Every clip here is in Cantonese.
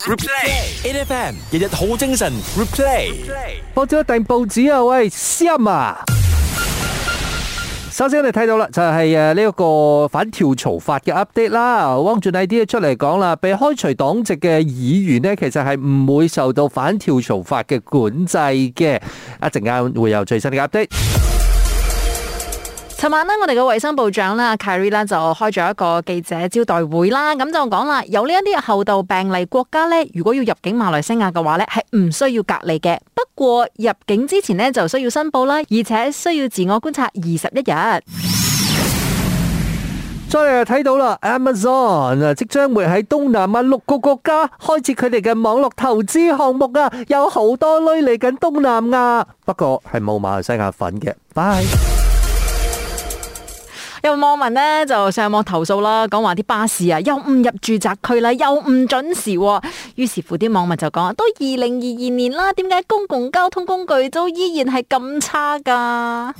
Replay，N F M，日日好精神。Replay，播咗一訂報紙啊！喂，Sim 啊！首先我哋睇到啦，就係誒呢一個反跳槽法嘅 update 啦，汪俊禮啲嘢出嚟講啦，被開除黨籍嘅議員呢，其實係唔會受到反跳槽法嘅管制嘅。一陣間會有最新嘅 update。尋晚我哋嘅衛生部長咧 Kerry 咧就開咗一個記者招待會啦，咁就講啦，有呢一啲猴痘病例國家呢，如果要入境馬來西亞嘅話呢係唔需要隔離嘅，不過入境之前呢就需要申報啦，而且需要自我觀察二十一日。再嚟睇到啦，Amazon 啊，即將會喺東南亞六個國家開設佢哋嘅網絡投資項目啊，有好多女嚟緊東南亞，不過係冇馬來西亞份嘅，拜。有網民咧就上網投訴啦，講話啲巴士啊又唔入住宅區啦，又唔準時啊。於是乎，啲網民就講啊，都二零二二年啦，點解公共交通工具都依然係咁差噶？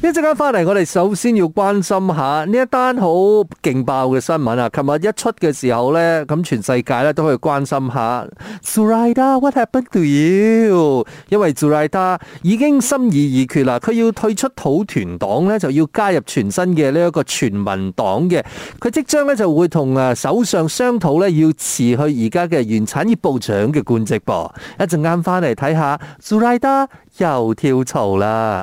一陣間翻嚟，我哋首先要關心下呢一單好勁爆嘅新聞啊！琴日一出嘅時候呢，咁全世界咧都可以關心下 Zuraida，What happened to you？因為 Zuraida 已經心意已決啦，佢要退出土團黨呢，就要加入全新嘅呢一個全民黨嘅。佢即將呢就會同誒首相商討呢，要辭去而家嘅原產業部長嘅官職噃。一陣間翻嚟睇下 Zuraida 又跳槽啦。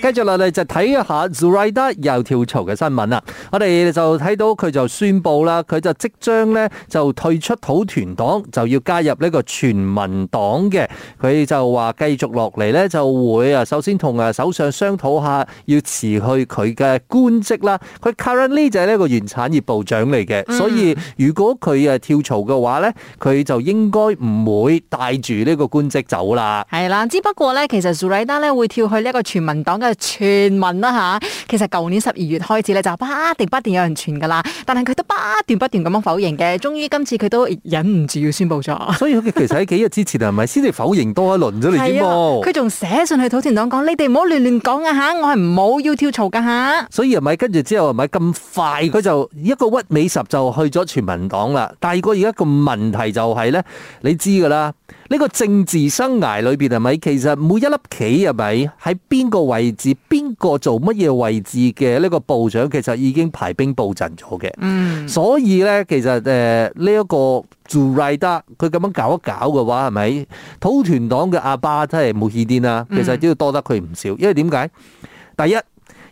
跟住落嚟就睇一下 Zuraida 又跳槽嘅新聞啦。我哋就睇到佢就宣布啦，佢就即將咧就退出土團黨，就要加入呢個全民黨嘅。佢就話繼續落嚟咧就會啊，首先同啊首相商討下要辭去佢嘅官職啦。佢 currently 就係呢個原產業部長嚟嘅，所以如果佢啊跳槽嘅話咧，佢就應該唔會帶住呢個官職走啦。係、嗯、啦、嗯， 只不過咧，其實 Zuraida 咧會跳去呢個全民黨嘅。傳聞啦吓，其實舊年十二月開始咧就不斷不斷有人傳噶啦，但係佢都不斷不斷咁樣否認嘅。終於今次佢都忍唔住要宣布咗。所以其實喺幾日之前係咪先至否認多一輪咗嚟先冇？佢仲寫信去土田黨講： 你哋唔好亂亂講啊吓，我係唔好要跳槽嘅吓。所以係咪跟住之後係咪咁快？佢就一個屈尾十就去咗全民黨啦。但係個而家個問題就係、是、咧，你知噶啦，呢、這個政治生涯裏邊係咪其實每一粒棋係咪喺邊個位置？邊個做乜嘢位置嘅呢個部長，其實已經排兵布陣咗嘅。嗯，所以咧，其實誒，呢一個 z u r a 佢咁樣搞一搞嘅話，係咪土團黨嘅阿爸真係冇氣啲啦？其實都要多得佢唔少，因為點解？第一。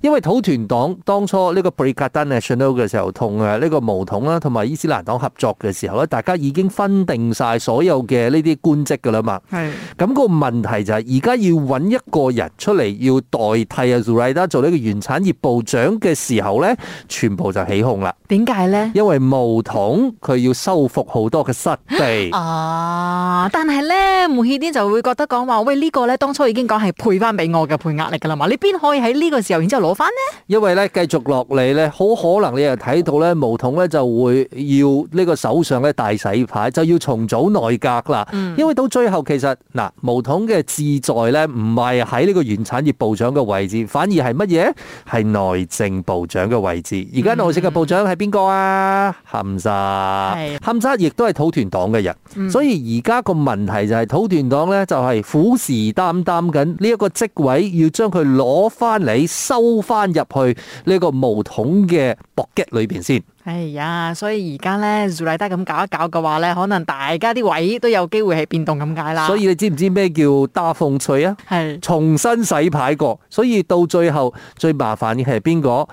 因為土團黨當初呢個 Perikatan Nasional 嘅時候，同啊呢個巫統啦，同埋伊斯蘭黨合作嘅時候咧，大家已經分定晒所有嘅呢啲官職噶啦嘛。係。咁個問題就係而家要揾一個人出嚟要代替阿 Zuraida 做呢個原產業部長嘅時候咧，全部就起哄啦。點解咧？因為巫統佢要收復好多嘅失地。啊！但係咧，慕尤丁就會覺得講話喂、這個、呢個咧，當初已經講係配翻俾我嘅配額嚟噶啦嘛，你邊可以喺呢個時候然之攞翻咧，因為咧繼續落嚟咧，好可能你又睇到咧，毛統咧就會要呢個首相咧大洗牌，就要重組內閣啦。嗯，因為到最後其實嗱，毛統嘅志在咧唔係喺呢個原產業部長嘅位置，反而係乜嘢？係內政部長嘅位置。而家內政嘅部長係邊個啊？冚沙，係冚沙，亦都係土團黨嘅人。所以而家個問題就係土團黨咧，就係虎視眈眈緊呢一個職位，要將佢攞翻嚟收。撈翻入去呢個毛筒嘅搏擊裏邊先。哎呀，所以而家呢，蘇麗德咁搞一搞嘅話呢，可能大家啲位都有機會係變動咁解啦。所以你知唔知咩叫大風吹啊？係重新洗牌過，所以到最後最麻煩嘅係邊個？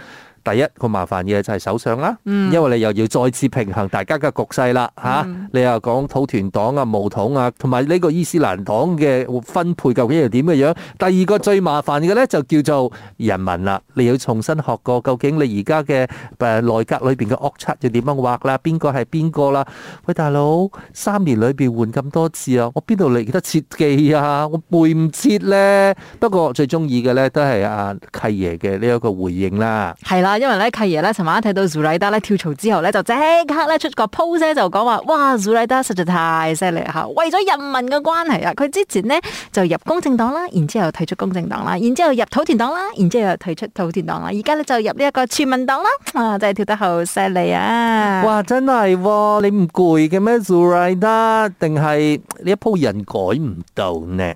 第一個麻煩嘅就係首相啦，因為你又要再次平衡大家嘅局勢啦嚇、嗯啊。你又講土團黨啊、毛統啊，同埋呢個伊斯蘭黨嘅分配究竟係點嘅樣，樣？第二個最麻煩嘅咧就叫做人民啦，你要重新學過究竟你而家嘅誒內閣裏邊嘅惡策要點樣畫啦？邊個係邊個啦？喂大，大佬三年裏面換咁多次啊！我邊度嚟得切計啊？我背唔切咧。不過最中意嘅咧都係阿契爺嘅呢一個回應啦，係啦。因為咧契爺咧尋晚睇到 Zuraida 咧跳槽之後咧，就即刻咧出個 post 聲就講話，哇 Zuraida 實在太犀利嚇！為咗人民嘅關係啊，佢之前呢就入公正黨啦，然之後退出公正黨啦，然之後入土團黨啦，然之後又退出土團黨啦，而家咧就入呢一個全民黨啦，啊真係跳得好犀利啊！哇，真係、哦，你唔攰嘅咩？Zuraida 定係呢一鋪人改唔到呢？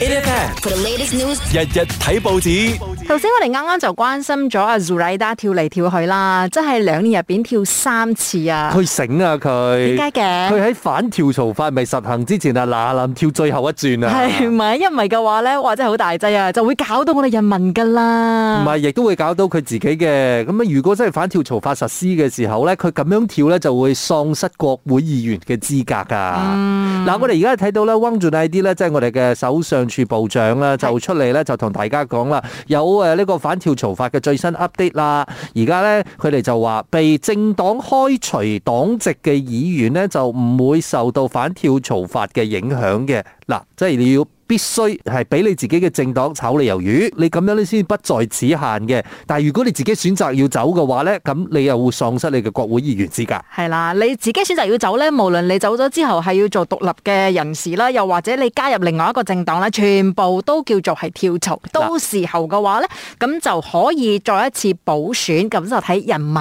日日睇報紙。頭先我哋啱啱就關心咗阿 Zuraida 跳嚟跳去啦，真係兩年入邊跳三次啊！佢醒啊佢？點解嘅？佢喺反跳槽法未實行之前啊，嗱臨跳最後一轉啊？係咪？一唔係嘅話咧，哇，真係好大劑啊，就會搞到我哋人民噶啦。唔係，亦都會搞到佢自己嘅。咁啊，如果真係反跳槽法實施嘅時候咧，佢咁樣跳咧就會喪失國會議員嘅資格噶。嗱，我哋而家睇到咧，汪住大啲咧，即係我哋嘅首相。署部長啦，就出嚟咧，就同大家講啦，有誒呢個反跳槽法嘅最新 update 啦。而家呢，佢哋就話，被政黨開除黨籍嘅議員呢，就唔會受到反跳槽法嘅影響嘅。嗱，即係你要。必須係俾你自己嘅政黨炒你魷魚，你咁樣你先不在此限嘅。但係如果你自己選擇要走嘅話呢，咁你又會喪失你嘅國會議員資格。係啦，你自己選擇要走呢？無論你走咗之後係要做獨立嘅人士啦，又或者你加入另外一個政黨啦，全部都叫做係跳槽，啊。到時候嘅話呢，咁就可以再一次補選，咁就睇人民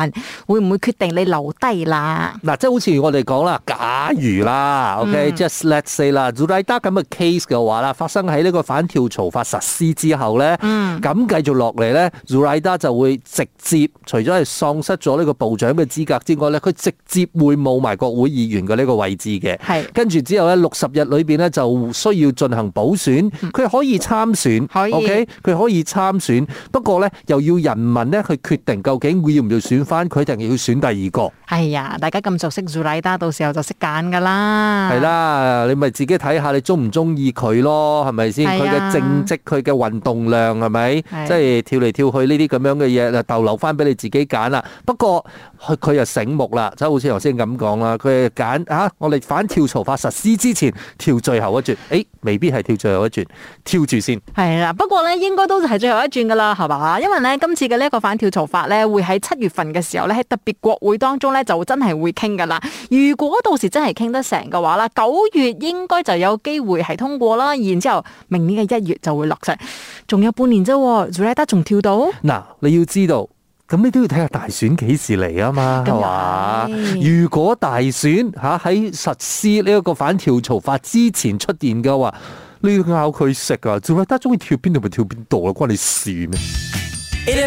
會唔會決定你留低啦。嗱、啊，即係好似我哋講啦，假如啦，OK，just、okay, 嗯、let's say 啦，under 咁嘅 case 嘅話啦，發生喺呢個反跳槽法實施之後咧，咁、嗯、繼續落嚟呢 r 咧，魯乃 a 就會直接除咗係喪失咗呢個部長嘅資格之外呢，佢直接會冇埋國會議員嘅呢個位置嘅。係跟住之後呢，六十日裏邊呢就需要進行補選，佢、嗯、可以參選以，OK，佢可以參選。不過呢，又要人民呢去決定究竟要唔要選翻佢，一定要選第二個。係、哎、呀，大家咁熟悉 r 魯乃 a 到時候就識揀㗎啦。係啦，你咪自己睇下你中唔中意佢咯。係咪先？佢嘅正職，佢嘅運動量係咪、啊？即係跳嚟跳去呢啲咁樣嘅嘢，就逗留翻俾你自己揀啦。不過佢又醒目啦，就好似頭先咁講啦。佢揀啊，我哋反跳槽法實施之前跳最後一轉，誒、哎，未必係跳最後一轉，跳住先。係啦、啊，不過咧應該都係最後一轉㗎啦，係嘛？因為呢，今次嘅呢一個反跳槽法呢，會喺七月份嘅時候呢，喺特別國會當中呢，就真係會傾㗎啦。如果到時真係傾得成嘅話啦，九月應該就有機會係通過啦。然之後，明年嘅一月就會落實，仲有半年啫，朱拉達仲跳到嗱，你要知道，咁你都要睇下大選幾時嚟啊嘛，係嘛？如果大選吓喺實施呢一個反跳槽法之前出現嘅話，你要咬佢食啊！朱拉達鍾意跳邊度咪跳邊度啊，關你事咩？日日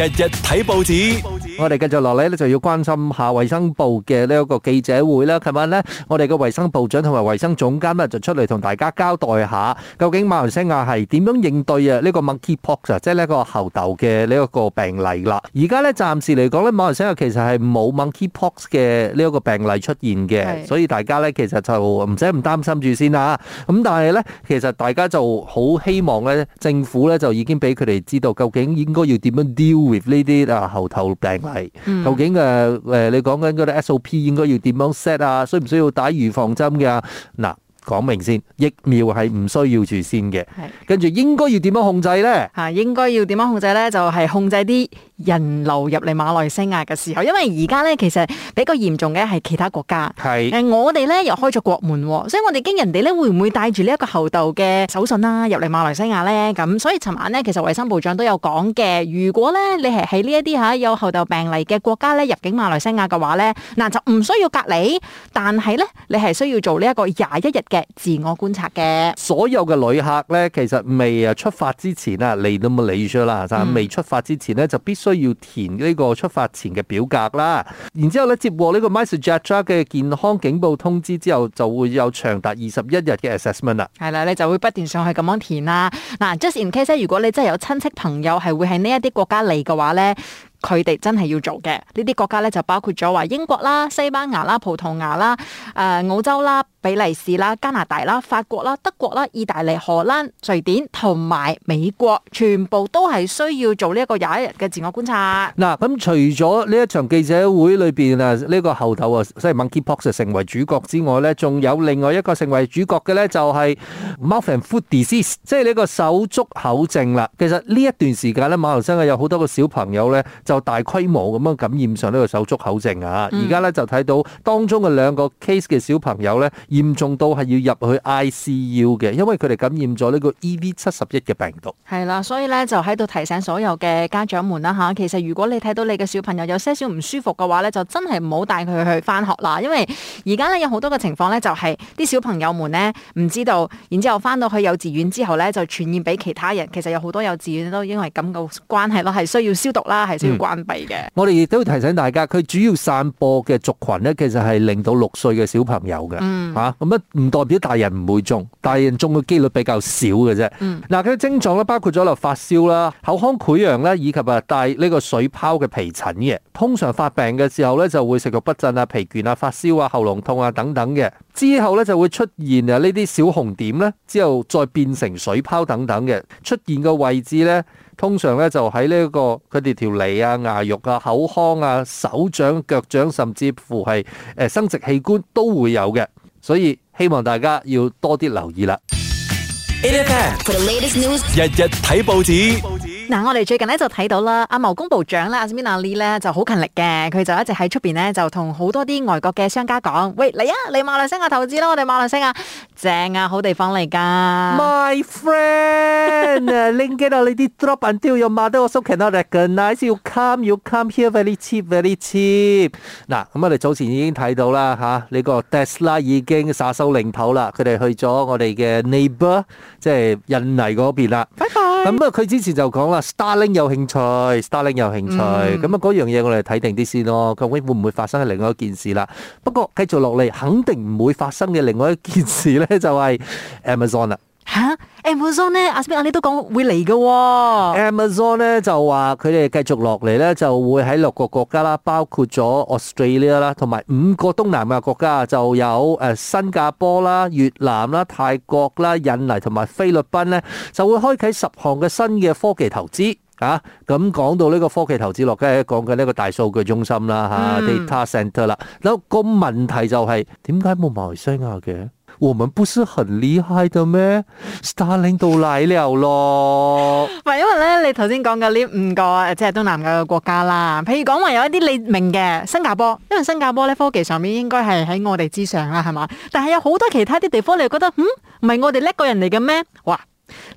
睇報紙，我哋繼續落嚟咧就要關心下衛生部嘅呢一個記者會啦，琴晚咧，我哋嘅衛生部長同埋衛生總監咧就出嚟同大家交代下，究竟馬來西亞係點樣應對啊呢個 monkeypox，即係呢一個猴痘嘅呢一個病例啦。而家咧暫時嚟講咧，馬來西亞其實係冇 monkeypox 嘅呢一個病例出現嘅，所以大家咧其實就唔使唔擔心住先啦。咁但係咧，其實大家就好希望咧，政府咧就已經俾佢哋知道。究竟應該要點樣 deal with 呢啲啊後頭病例？究竟誒誒，你講緊嗰啲 SOP 應該要點樣 set 啊？需唔需要打預防針㗎？嗱，講明先，疫苗係唔需要住先嘅。係，跟住應該要點樣控制咧？吓，應該要點樣控制咧？就係控制啲。人流入嚟馬來西亞嘅時候，因為而家咧其實比較嚴重嘅係其他國家，係誒、呃、我哋咧又開咗國門，所以我哋驚人哋咧會唔會帶住呢一個猴痘嘅手信啦、啊、入嚟馬來西亞咧咁，所以尋晚咧其實衞生部長都有講嘅，如果咧你係喺呢一啲嚇有猴痘病例嘅國家咧入境馬來西亞嘅話咧，嗱就唔需要隔離，但係咧你係需要做呢一個廿一日嘅自我觀察嘅。所有嘅旅客咧，其實未啊出發之前啊嚟都冇嚟咗啦，未出發之前咧、嗯、就必須。都要填呢個出發前嘅表格啦，然之後咧接獲呢個 message check 嘅健康警報通知之後，就會有長達二十一日嘅 assessment 啦。係啦，你就會不斷上去咁樣填啦。嗱，just in case，如果你真係有親戚朋友係會喺呢一啲國家嚟嘅話咧。佢哋真係要做嘅呢啲國家咧，就包括咗話英國啦、西班牙啦、葡萄牙啦、誒澳洲啦、比利時啦、加拿大啦、法國啦、德國啦、意大利、荷蘭、瑞典同埋美國，全部都係需要做呢一個廿一日嘅自我觀察。嗱，咁除咗呢一場記者會裏邊啊，呢個後頭啊，即係 monkeypox 成為主角之外咧，仲有另外一個成為主角嘅咧，就係 masking food disease，即係呢個手足口症啦。其實呢一段時間咧，馬來西亞有好多個小朋友咧。就大規模咁樣感染上呢個手足口症啊！而家咧就睇到當中嘅兩個 case 嘅小朋友咧，嚴重到係要入去 ICU 嘅，因為佢哋感染咗呢個 EV 七十一嘅病毒。係啦，所以咧就喺度提醒所有嘅家長們啦嚇，其實如果你睇到你嘅小朋友有些少唔舒服嘅話咧，就真係唔好帶佢去翻學啦，因為而家咧有好多嘅情況咧就係啲小朋友們呢唔知道，然之後翻到去幼稚園之後咧就傳染俾其他人。其實有好多幼稚園都因為咁嘅關係咯，係需要消毒啦，係需要。關閉嘅，我哋亦都提醒大家，佢主要散播嘅族群呢，其實係令到六歲嘅小朋友嘅。吓、嗯、咁啊，唔代表大人唔會中，大人中嘅幾率比較少嘅啫。嗱、嗯，佢、啊、嘅症狀咧，包括咗啦，發燒啦、口腔潰瘍啦，以及啊帶呢個水泡嘅皮疹嘅。通常發病嘅時候呢，就會食欲不振啊、疲倦啊、發燒啊、喉嚨痛啊等等嘅。之後呢，就會出現啊呢啲小紅點呢，之後再變成水泡等等嘅，出現嘅位置呢。通常咧就喺呢一個佢哋條脷啊、牙肉啊、口腔啊、手掌、腳掌，甚至乎係誒生殖器官都會有嘅，所以希望大家要多啲留意啦。日日睇報紙。嗱，我哋最近咧就睇到啦，阿貿工部長啦，Azmin Ali 咧就好勤力嘅，佢就一直喺出邊咧就同好多啲外國嘅商家講：喂，嚟啊，嚟馬來西亞投資啦，我哋馬來西亞正啊，好地方嚟噶。My friend，linking up your drop until you made us so cannot recognize you come you come here very cheap very cheap。嗱，咁我哋早前已經睇到啦，吓，呢個 Tesla 已經撒手領頭啦，佢哋去咗我哋嘅 neighbor，即係印尼嗰邊啦。拜拜。咁啊，佢之前就講啦。Starling 有興趣，Starling 有興趣，咁啊嗰樣嘢我哋睇定啲先咯，究竟會唔會發生另外一件事啦？不過繼續落嚟，肯定唔會發生嘅另外一件事咧，就係 Amazon 啦。吓、啊，Amazon 咧，阿斯 i 阿你都講會嚟喎、啊。Amazon 咧就話佢哋繼續落嚟咧，就，就會喺六個國家啦，包括咗 Australia 啦，同埋五個東南亞國家就有誒新加坡啦、越南啦、泰國啦、印尼同埋菲律賓咧，就會開啟十項嘅新嘅科技投資。吓、啊，咁講到呢個科技投資落，梗係講緊呢個大數據中心啦，吓 data center 啦。咁、啊那個問題就係點解冇馬來西亞嘅？我們不是很厲害的咩？Starlink 都來了咯不。唔係因為咧，你頭先講嘅呢五個，即係東南亞嘅國家啦。譬如講話有一啲你明嘅新加坡，因為新加坡咧，科技上面應該係喺我哋之上啦，係嘛。但係有好多其他啲地方，你又覺得，嗯，唔係我哋叻個人嚟嘅咩？哇！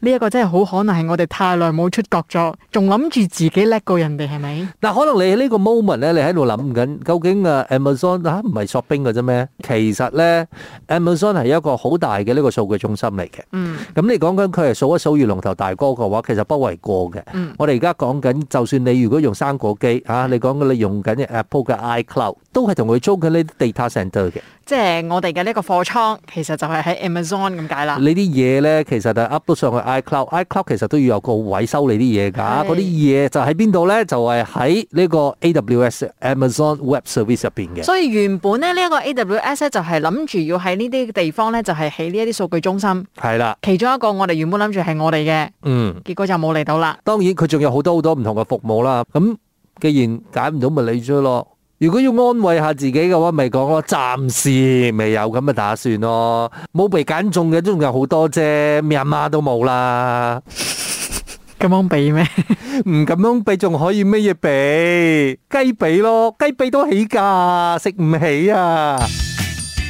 呢、這、一個真係好可能係我哋太耐冇出國咗，仲諗住自己叻過人哋係咪？嗱，可能你呢個 moment 咧，你喺度諗緊究竟 Amazon，啊 Amazon 嚇唔係 shopping 嘅啫咩？其實咧，Amazon 係一個好大嘅呢個數據中心嚟嘅。嗯，咁你講緊佢係數一數二龍頭大哥嘅話，其實不為過嘅、嗯。我哋而家講緊，就算你如果用生果機嚇、啊，你講緊你用緊 Apple 嘅 iCloud 都係同佢租緊呢啲 data center 嘅。即係我哋嘅呢個貨倉，其實就係喺 Amazon 咁解啦。你啲嘢咧，其實係 upload 上去。iCloud，iCloud iCloud 其實都要有個位收你啲嘢㗎，嗰啲嘢就喺邊度咧？就係喺呢個 AWS Amazon Web Service 入面嘅。所以原本咧，呢一個 AWS 咧，就係諗住要喺呢啲地方咧，就係起呢一啲數據中心。係啦，其中一個我哋原本諗住係我哋嘅，嗯，結果就冇嚟到啦。當然佢仲有好多好多唔同嘅服務啦。咁既然解唔到，咪理咗咯。如果要安慰下自己嘅話，咪講 咯，暫時未有咁嘅打算咯。冇被揀中嘅都仲有好多啫，咩阿媽都冇啦。咁樣俾咩？唔咁樣俾，仲可以咩嘢俾？雞髀咯，雞髀都起㗎，食唔起啊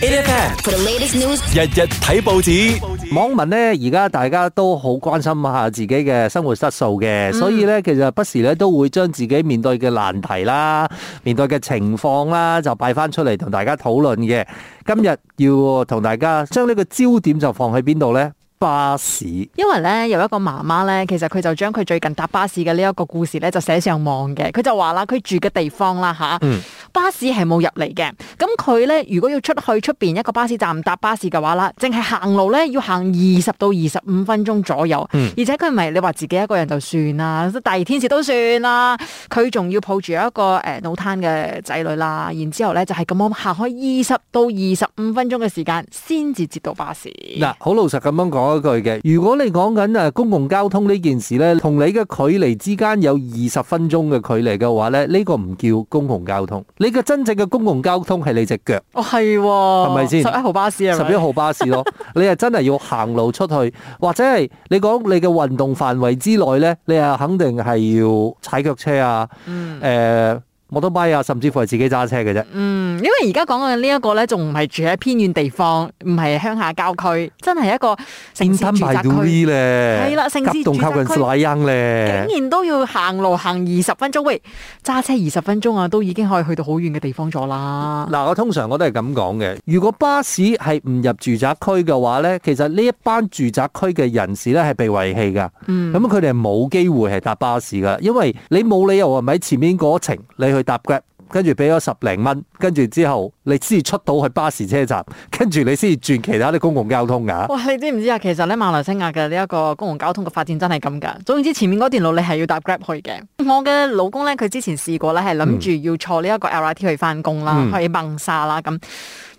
！It is. For the news. 日日睇報紙。網民咧，而家大家都好關心下自己嘅生活質素嘅，所以咧其實不時咧都會將自己面對嘅難題啦、面對嘅情況啦，就擺翻出嚟同大家討論嘅。今日要同大家將呢個焦點就放喺邊度呢？巴士，因為咧有一個媽媽咧，其實佢就將佢最近搭巴士嘅呢一個故事咧就寫上網嘅。佢就話啦，佢住嘅地方啦吓，嗯，巴士係冇入嚟嘅。咁佢咧如果要出去出邊一個巴士站搭巴士嘅話啦，淨係行路咧要行二十到二十五分鐘左右。嗯，而且佢唔係你話自己一個人就算啦，大熱天時都算啦。佢仲要抱住一個誒腦癱嘅仔女啦，然之後咧就係、是、咁樣行開二十到二十五分鐘嘅時間先至接到巴士。嗱，好老實咁樣講。句嘅，如果你講緊啊公共交通呢件事，呢同你嘅距離之間有二十分鐘嘅距離嘅話呢呢，呢個唔叫公共交通。你嘅真正嘅公共交通係你隻腳，哦係，係咪先？十一號巴士啊，十一號巴士咯， 你係真係要行路出去，或者係你講你嘅運動範圍之內呢你係肯定係要踩腳車啊，嗯，呃我都咪啊，甚至乎係自己揸車嘅啫。嗯，因為而家講嘅呢一個咧，仲唔係住喺偏遠地方，唔係鄉下郊區，真係一個城市住宅區咧。係啦，城市住宅區咧，竟然都要行路行二十分鐘，喂，揸車二十分鐘啊，都已經可以去到好遠嘅地方咗啦。嗱、嗯，我通常我都係咁講嘅。如果巴士係唔入住宅區嘅話咧，其實呢一班住宅區嘅人士咧係被遺棄㗎。嗯，咁佢哋係冇機會係搭巴士㗎，因為你冇理由話咪前面嗰程你去。搭 Grab，跟住俾咗十零蚊，跟住之後你先至出到去巴士車站，跟住你先至轉其他啲公共交通噶，啊。哇，你知唔知啊？其實咧，馬來西亞嘅呢一個公共交通嘅發展真係咁噶。總言之，前面嗰段路你係要搭 Grab 去嘅。我嘅老公咧，佢之前試過咧，係諗住要坐呢一個 LRT 去返工啦，去孟沙啦咁。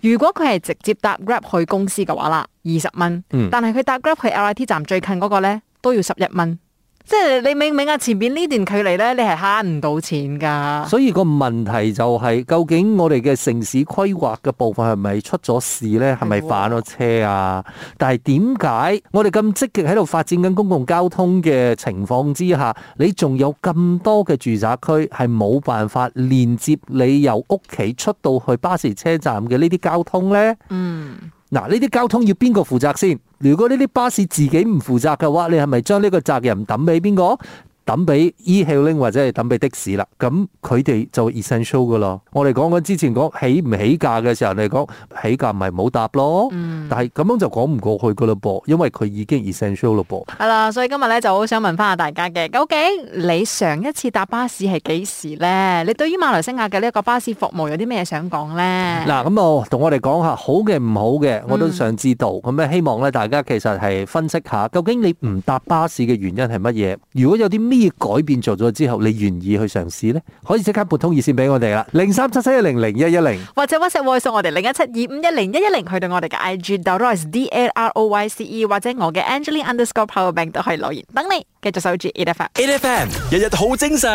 如果佢係直接搭 Grab 去公司嘅話啦，二十蚊，但係佢搭 Grab 去 LRT 站最近嗰個咧，都要十一蚊。即係你明唔明啊？前面呢段距離呢，你係慳唔到錢噶。所以個問題就係，究竟我哋嘅城市規劃嘅部分係咪出咗事呢？係咪反咗車啊？嗯。但係點解我哋咁積極喺度發展緊公共交通嘅情況之下，你仲有咁多嘅住宅區係冇辦法連接你由屋企出到去巴士車站嘅呢啲交通呢？嗯。嗱，呢啲交通要邊個負責先？如果呢啲巴士自己唔負責嘅話，你係咪將呢個責任抌俾邊個？等俾 E-Hailing 或者係等俾的士啦，咁佢哋就 essential 噶咯。我哋講緊之前講起唔起價嘅時候，你講起價咪冇搭咯，但係咁樣就講唔過去噶嘞噃，因為佢已經 essential 咯噃。係啦，所以今日咧就好想問翻下大家嘅，究竟你上一次搭巴士係幾時咧？你對於馬來西亞嘅呢一個巴士服務有啲咩想講咧？嗱，咁啊同我哋講下好嘅唔好嘅，我都想知道。咁啊希望咧大家其實係分析下，究竟你唔搭巴士嘅原因係乜嘢？如果有啲咩需要改變做咗之後，你願意去嘗試咧？可以即刻撥通熱線俾我哋啦，零三七七一零零一一零，或者 WhatsApp WhatsApp 我哋零一七二五一零一一零，去到我哋嘅 IG DL Royce，i e d r 或者我嘅 Angela underscore Power Bank 都可以留言等你，繼續守住。Eight FM，Eight FM，日日好精神。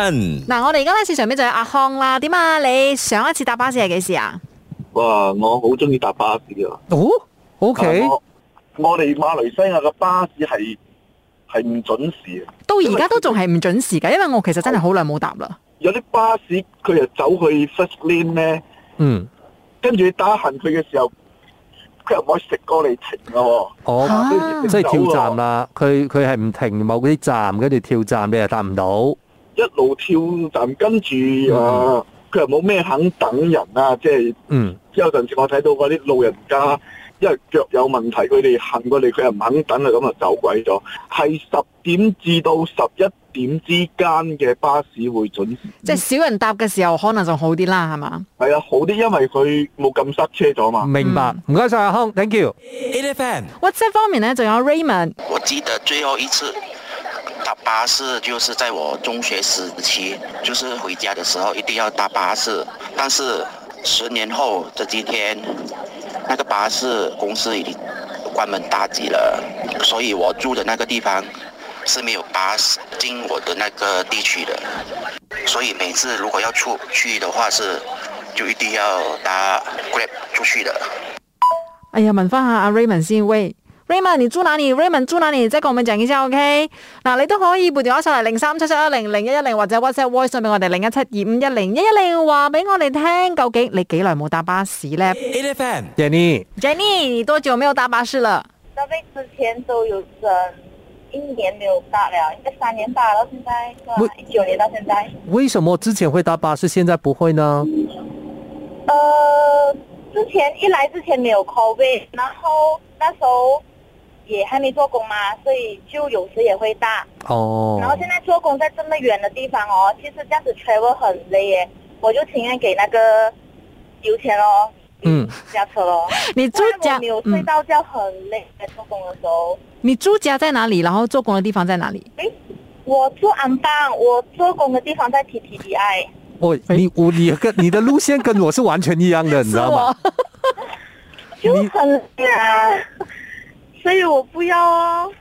嗱，我哋而家喺市場邊就有阿康啦。點啊？你上一次搭巴士係幾時啊？哇！我好中意搭巴士嘅。哦，OK。我我哋馬來西亞嘅巴士係。係唔準時，到而家都仲係唔準時㗎，因為我其實真係好耐冇搭啦。有啲巴士佢又走去 First Link 咧，嗯，跟住你打行佢嘅時候，佢又唔可以食過嚟停嘅喎。哦，即係跳站啦，佢佢係唔停某啲站，跟住跳站你又搭唔到。一路跳站，跟住誒，佢又冇咩肯等人啊，即係嗯。有陣時我睇到嗰啲老人家。因為腳有問題，佢哋行過嚟，佢又唔肯等啊，咁啊走鬼咗。係十點至到十一點之間嘅巴士會準時，嗯、即係少人搭嘅時候，可能就好啲啦，係嘛？係啊，好啲，因為佢冇咁塞車咗嘛。明白，唔該晒，阿空，thank you。Eleven，WhatsApp 方面呢，仲有 Raymond。我記得最後一次搭巴士，就是在我中學時期，就是回家嘅時候一定要搭巴士，但是十年後的今天。那個巴士公司已經關門大吉了，所以我住的那個地方是沒有巴士進我的那個地區的，所以每次如果要出去的話是，就一定要搭 Grab 出去的。哎呀，問翻下阿 Rayman 先喂。Raymond 你住哪裡？Raymond 住哪裡？再跟我們講一下。OK。嗱，你都可以撥電話上嚟，零三七七一零零一一零或者 WhatsApp Voice 上面俾我哋零一七二五一零一一零話俾我哋聽，究竟你幾耐冇搭巴士咧？A n M Jenny，Jenny，你多久沒有搭巴士了？因為之前都有一年沒有搭了應該三年搭到現在，一、嗯、九 年到現在。為什麼之前會搭巴士，現在不會呢？呃、uh,，之前一來之前沒有 Covid，然後那時候。也還沒做工嘛，所以就有時也會大哦。Oh. 然後現在做工在這麼遠的地方哦，其實這樣子 travel 很累耶，我就情願給那個油錢嘍，嗯，駕車嘍。你住家沒有睡到覺很累，在、嗯、做工的時候。你住家在哪裏？然後做工的地方在哪裏？哎，我住安邦，我做工的地方在 T T D I。我，你，我，你跟你的路線跟我是完全一樣的， 你知道嗎？ 就很累啊。 所以我不要哦。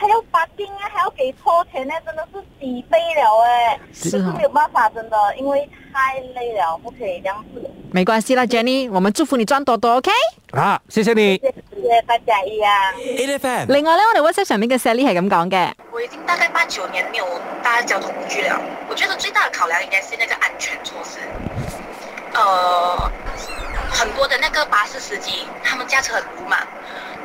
還要發定啊，還要給拖錢呢，真的是疲憊了哎，是，就是沒有辦法，真的，因為太累了，不可以這樣子。沒關係啦，Jenny，我們祝福你賺多多，OK？啊，謝謝你，謝謝，謝，謝大家一樣，欸欸。另外呢，我哋 WhatsApp 上面嘅 Sally 係咁講嘅：我已經大概八九年沒有搭交通工具了，我覺得最大的考量應該是那個安全措施。呃，很多的那個巴士司機，他們駕車很魯莽。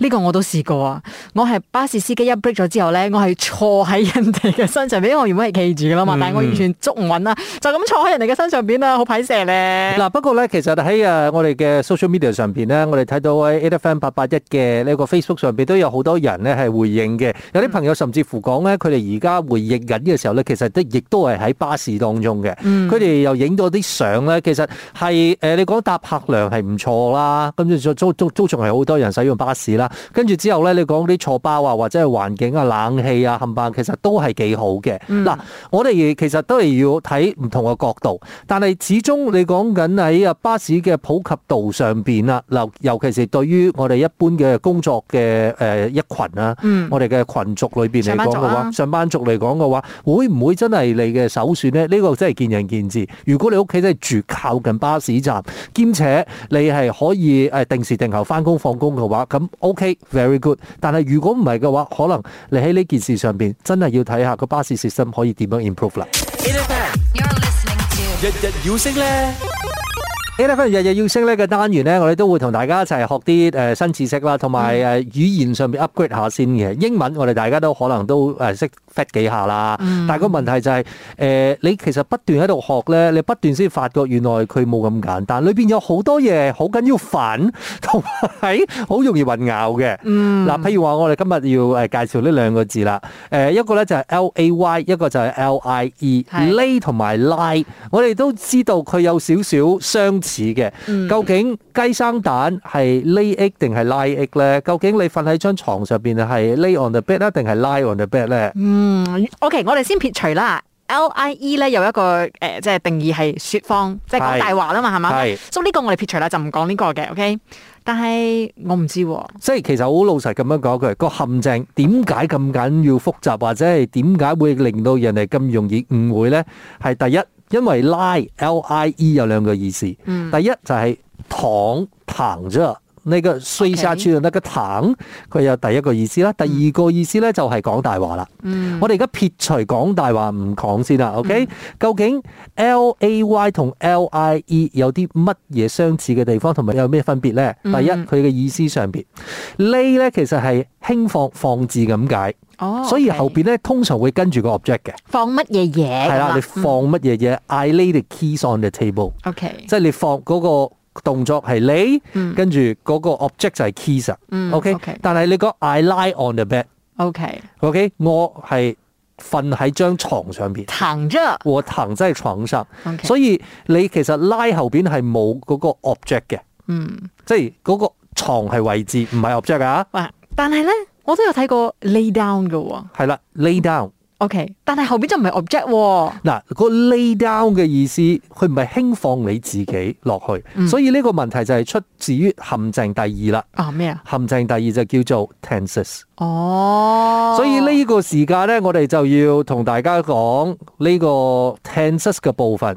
呢、這個我都試過啊！我係巴士司機一 break 咗之後咧，我係坐喺人哋嘅身上邊，因為我原本係企住㗎嘛，但係我完全捉唔穩啦，就咁坐喺人哋嘅身上邊啦，好歹石咧！嗱，不過咧，其實喺誒、啊、我哋嘅 social media 上邊咧，我哋睇到喺 FM 八八一嘅呢個 Facebook 上邊都有好多人咧係回應嘅。有啲朋友甚至乎講咧，佢哋而家回憶緊嘅時候咧，其實都亦都係喺巴士當中嘅。佢、嗯、哋又影到啲相咧，其實係誒、呃、你講搭客量係唔錯啦，咁就租租租仲係好多人使用巴士啦。跟住之後呢，你講啲坐包啊，或者係環境啊、冷氣啊，冚棒，嗯、其實都係幾好嘅。嗱，我哋其實都係要睇唔同嘅角度，但係始終你講緊喺啊巴士嘅普及度上面啊。嗱，尤其是對於我哋一般嘅工作嘅一群啊，嗯、我哋嘅群族裏面嚟講嘅話，上班族嚟講嘅話，會唔會真係你嘅首選呢？呢、呢個真係見仁見智。如果你屋企真係住靠近巴士站，兼且你係可以誒定時定候翻工放工嘅話，咁屋。Okay, very good。但係如果唔係嘅話，可能你喺呢件事上邊真係要睇下個巴士設施可以點樣 improve 啦。Japan, to... 日日要升呢喺咧，份日日要升呢個單元咧，我哋都會同大家一齊學啲誒新知識啦，同埋誒語言上面 upgrade 下先嘅，嗯。英文我哋大家都可能都誒識 fit 幾下啦，嗯，但係個問題就係、是、誒、呃、你其實不斷喺度學咧，你不斷先發覺原來佢冇咁簡單裏邊有好多嘢好緊要煩同埋好容易混淆嘅。嗱，嗯，譬如話我哋今日要誒介紹呢兩個字啦，誒一個咧就係 l a y，一個就係 l i e，lay 同埋 lie 是。Lie, 我哋都知道佢有少少相似。嘅、嗯，究竟雞生蛋係 lay egg 定係 lie egg 咧？究竟你瞓喺張床上邊係 lay on the bed 啊，定係 lie on the bed 咧？嗯，OK，我哋先撇除啦。LIE 咧有一個誒、呃，即係定義係説謊，即係講大話啊嘛，係嘛？所以呢個我哋撇除啦，就唔講呢個嘅。OK，但係我唔知喎、啊。即係其實好老實咁樣講句，個陷阱點解咁緊要複雜，或者係點解會令到人哋咁容易誤會咧？係第一。因為 lie，L-I-E L-I-E，有兩個意思。嗯、第一就係躺、躺啫。你個碎下處、那個碎石柱同個糖」，佢有第一個意思啦，第二個意思咧就係講大話啦。嗯，我哋而家撇除講大話唔講先啦。OK、嗯、究竟 L A Y 同 L I E 有啲乜嘢相似嘅地方，同埋有咩分別咧，嗯？第一，佢嘅意思上面 lay 咧、嗯，其實係輕放放置咁解。哦、okay，所以後面咧通常會跟住個 object 嘅。放乜嘢嘢？係啦，你放乜嘢嘢？I lay the keys on the table okay。OK，即係你放嗰、那個。動作係你。跟住嗰個 object 就係 Kisa，OK，但係你講 I lie on the bed，OK，OK，我係瞓喺張床上邊，躺着，我躺在床上，所以你其實 lie 後邊係冇嗰個 object 嘅，即係嗰個床係位置，唔係 object 噶。喂，但係咧，我都有睇過 lay down 噶，係啦，lay down。O、okay, K，但係後邊就唔係 object 嗱，個 lay down 嘅意思，佢唔係輕放你自己落去、嗯，所以呢個問題就係出自於陷阱第二啦。啊咩啊？陷阱第二就叫做 tenses。哦，所以呢個時間咧，我哋就要同大家講呢個 tenses 嘅部分。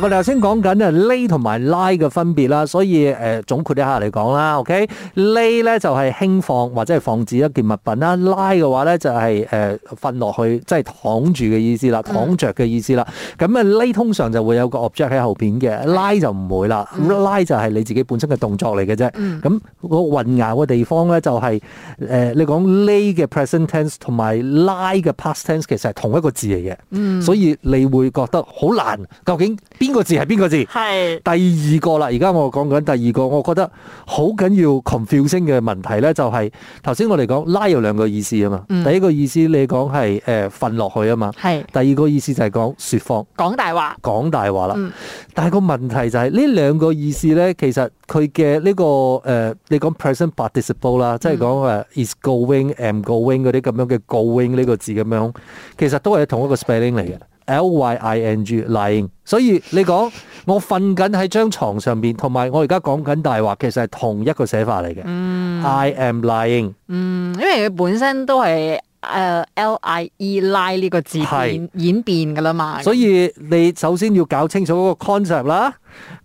我哋頭先講緊啊，lay 同埋 lie 嘅分別啦，所以誒，總括一下嚟講啦，OK，lay 咧就係輕放或者係放置一件物品啦，lie 嘅話咧就係誒瞓落去，即係躺住嘅意思啦，躺着嘅意思啦。咁啊，lay 通常就會有個 object 喺後邊嘅，lie 就唔會啦。lie 就係你自己本身嘅動作嚟嘅啫。咁個混淆嘅地方咧就係、是、誒、呃，你講 lay 嘅 present tense 同埋 lie 嘅 past tense 其實係同一個字嚟嘅。嗯。所以你會覺得好難，究竟邊個字係邊個字？係第二個啦。而家我講緊第二個，我覺得好緊要 confusing 嘅問題咧，就是，就係頭先我嚟講 lie 有兩個意思啊嘛，嗯。第一個意思你講係誒瞓落去啊嘛。係第二個意思就係講說謊，講大話，講大話啦。但係個問題就係呢兩個意思咧，其實佢嘅呢個誒，呃，你講 present participle 啦，即係講誒 is going am going 嗰啲咁樣嘅 going 呢個字咁樣，其實都係同一個 spelling 嚟嘅。Lying，lying，lying 所以你講我瞓緊喺張床上邊，同埋我而家講緊大話，其實係同一個寫法嚟嘅。嗯，I am lying。嗯，因為佢本身都係 LIE lie 呢個字係演變噶啦嘛。所以你首先要搞清楚嗰個 concept 啦。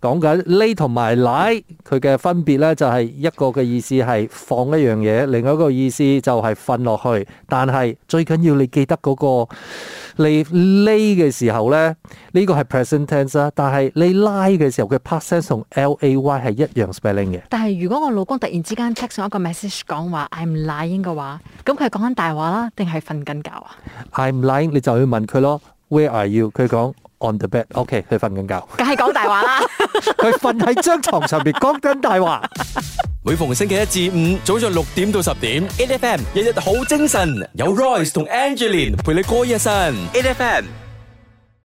講緊 lay 同埋 lie 佢嘅分別咧，就係一個嘅意思係放一樣嘢，另外一個意思就係瞓落去。但係最緊要你記得嗰、那個你 lay 嘅時候咧，呢個係 present tense 啦。但係你 lie 嘅時候，佢 past 同 l a y 係一樣 spelling 嘅。但係如果我老公突然之間 check 上一個 message 講話，I'm lying 嘅話，咁佢係講緊大話啦，定係瞓緊覺呀？I'm lying，你就去問佢咯。Where are you？佢講。on the bed，OK，佢瞓緊覺，梗係講大話啦。佢瞓喺張床上邊講緊大話。每逢星期一至五早上六點到十點，FM 日日好精神，有 Royce 同 Angelin 陪你過一晨，FM。